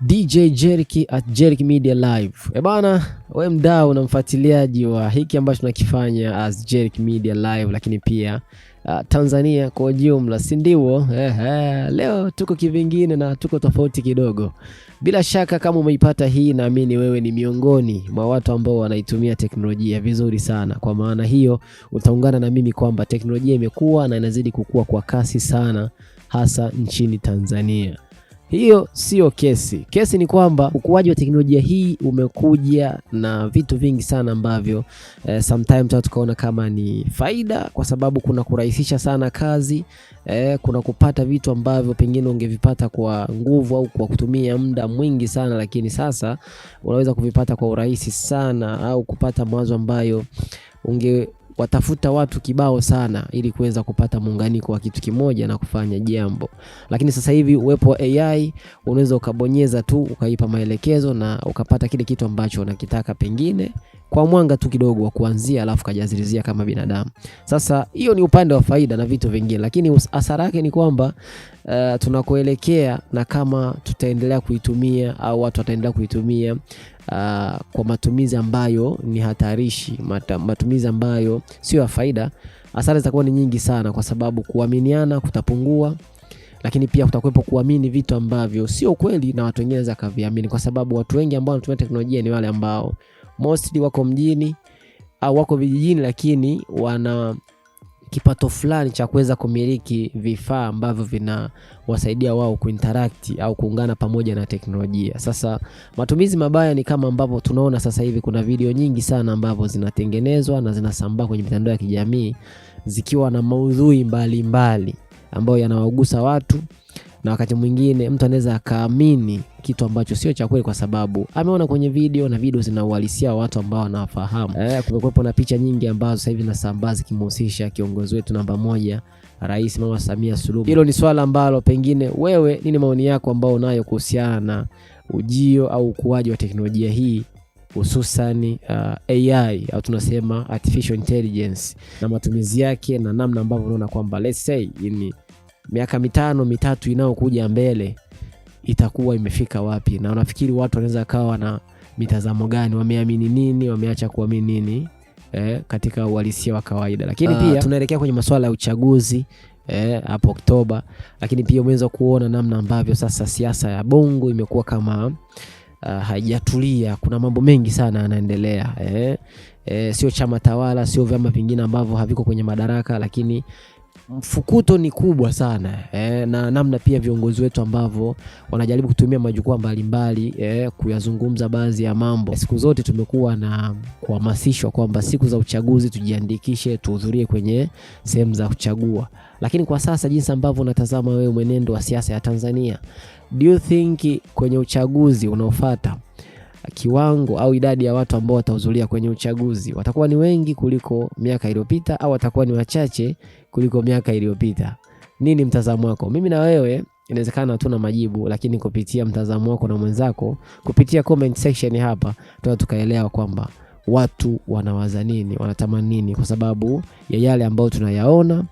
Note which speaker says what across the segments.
Speaker 1: DJ Jeriki at Jeriki Media Live. E bana, we mdau na mfuatiliaji wa hiki ambacho tunakifanya as Jeriki Media Live, lakini pia uh, Tanzania kwa ujumla, si ndio? Eh, eh, leo tuko kivingine na tuko tofauti kidogo. Bila shaka kama umeipata hii, naamini wewe ni miongoni mwa watu ambao wanaitumia teknolojia vizuri sana. Kwa maana hiyo utaungana na mimi kwamba teknolojia imekuwa na inazidi kukua kwa kasi sana, hasa nchini Tanzania. Hiyo sio kesi. Kesi ni kwamba ukuaji wa teknolojia hii umekuja na vitu vingi sana ambavyo eh, sometimes tukaona kama ni faida, kwa sababu kuna kurahisisha sana kazi eh, kuna kupata vitu ambavyo pengine ungevipata kwa nguvu au kwa kutumia muda mwingi sana, lakini sasa unaweza kuvipata kwa urahisi sana, au kupata mawazo ambayo unge watafuta watu kibao sana ili kuweza kupata muunganiko wa kitu kimoja na kufanya jambo. Lakini sasa hivi uwepo wa AI unaweza ukabonyeza tu ukaipa maelekezo na ukapata kile kitu ambacho unakitaka, pengine kwa mwanga tu kidogo wa kuanzia, alafu kajazilizia kama binadamu. Sasa hiyo ni upande wa faida na vitu vingine, lakini hasara yake ni kwamba uh, tunakoelekea na kama tutaendelea kuitumia au watu wataendelea kuitumia uh, kwa matumizi ambayo ni hatarishi, matumizi ambayo sio ya faida, hasara zitakuwa ni nyingi sana, kwa sababu kuaminiana kutapungua, lakini pia kutakuwepo kuamini vitu ambavyo sio kweli na watu wengine wanaweza kaviamini, kwa sababu watu wengi ambao wanatumia teknolojia ni wale ambao mostly wako mjini au wako vijijini, lakini wana kipato fulani cha kuweza kumiliki vifaa ambavyo vinawasaidia wao kuinteract au kuungana pamoja na teknolojia. Sasa matumizi mabaya ni kama ambavyo tunaona sasa hivi kuna video nyingi sana ambavyo zinatengenezwa na zinasambaa kwenye mitandao ya kijamii zikiwa na maudhui mbalimbali ambayo yanawagusa watu na wakati mwingine mtu anaweza akaamini kitu ambacho sio cha kweli, kwa sababu ameona kwenye video na video zina watu ambao wanawafahamu. Eh, kumekuwepo na picha nyingi ambazo sasa hivi nasambaa zikimhusisha kiongozi wetu namba moja, Rais Mama Samia Suluhu. Hilo ni swala ambalo pengine wewe, nini maoni yako ambao unayo kuhusiana na ujio au ukuaji wa teknolojia hii hususan uh, AI au tunasema artificial intelligence na matumizi yake na namna ambavyo unaona kwamba let's say in miaka mitano mitatu inayokuja mbele itakuwa imefika wapi, na unafikiri watu wanaweza kawa na mitazamo gani, wameamini nini, wameacha kuamini nini eh, katika uhalisia wa kawaida. Lakini uh, pia tunaelekea kwenye masuala ya uchaguzi eh, hapo eh, Oktoba, lakini pia umeweza kuona namna ambavyo sasa siasa ya Bongo imekuwa kama uh, haijatulia. Kuna mambo mengi sana yanaendelea eh. Eh, sio chama tawala, sio vyama vingine ambavyo haviko kwenye madaraka, lakini mfukuto ni kubwa sana eh, na namna pia viongozi wetu ambavyo wanajaribu kutumia majukwaa mbalimbali eh, kuyazungumza baadhi ya mambo. Siku zote tumekuwa na kuhamasishwa kwamba siku za uchaguzi tujiandikishe, tuhudhurie kwenye sehemu za kuchagua, lakini kwa sasa jinsi ambavyo unatazama wewe mwenendo wa siasa ya Tanzania, do you think kwenye uchaguzi unaofuata kiwango au idadi ya watu ambao watahudhuria kwenye uchaguzi watakuwa ni wengi kuliko miaka iliyopita au watakuwa ni wachache kuliko miaka iliyopita? Nini mtazamo wako? Mimi na wewe inawezekana hatuna majibu, lakini kupitia mtazamo wako na mwenzako, kupitia comment section hapa, tuwa tukaelewa kwamba watu wanawaza nini, wanatamani nini, kwa sababu ya yale ambayo tunayaona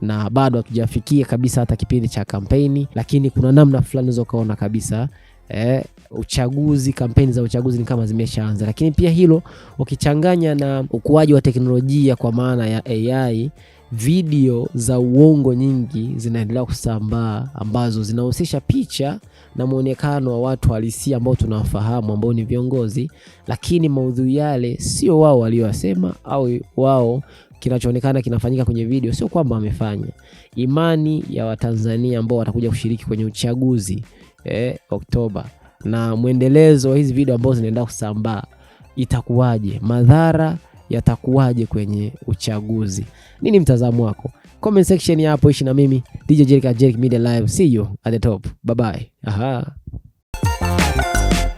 Speaker 1: na bado hatujafikia kabisa hata kipindi cha kampeni, lakini kuna namna fulani zokaona kabisa eh, uchaguzi, kampeni za uchaguzi ni kama zimeshaanza. Lakini pia hilo ukichanganya na ukuaji wa teknolojia kwa maana ya AI, video za uongo nyingi zinaendelea kusambaa ambazo zinahusisha picha na mwonekano wa watu halisi ambao tunawafahamu ambao ni viongozi, lakini maudhui yale sio wao walioyasema au wao kinachoonekana kinafanyika kwenye video sio kwamba wamefanya. Imani ya Watanzania ambao watakuja kushiriki kwenye uchaguzi eh, Oktoba na mwendelezo wa hizi video ambazo zinaenda kusambaa itakuwaje? Madhara yatakuwaje kwenye uchaguzi? Nini mtazamo wako? Comment section hapo, ishi na mimi DJ Jerick at Jerick Media Live. See you at the top, bye bye. Aha.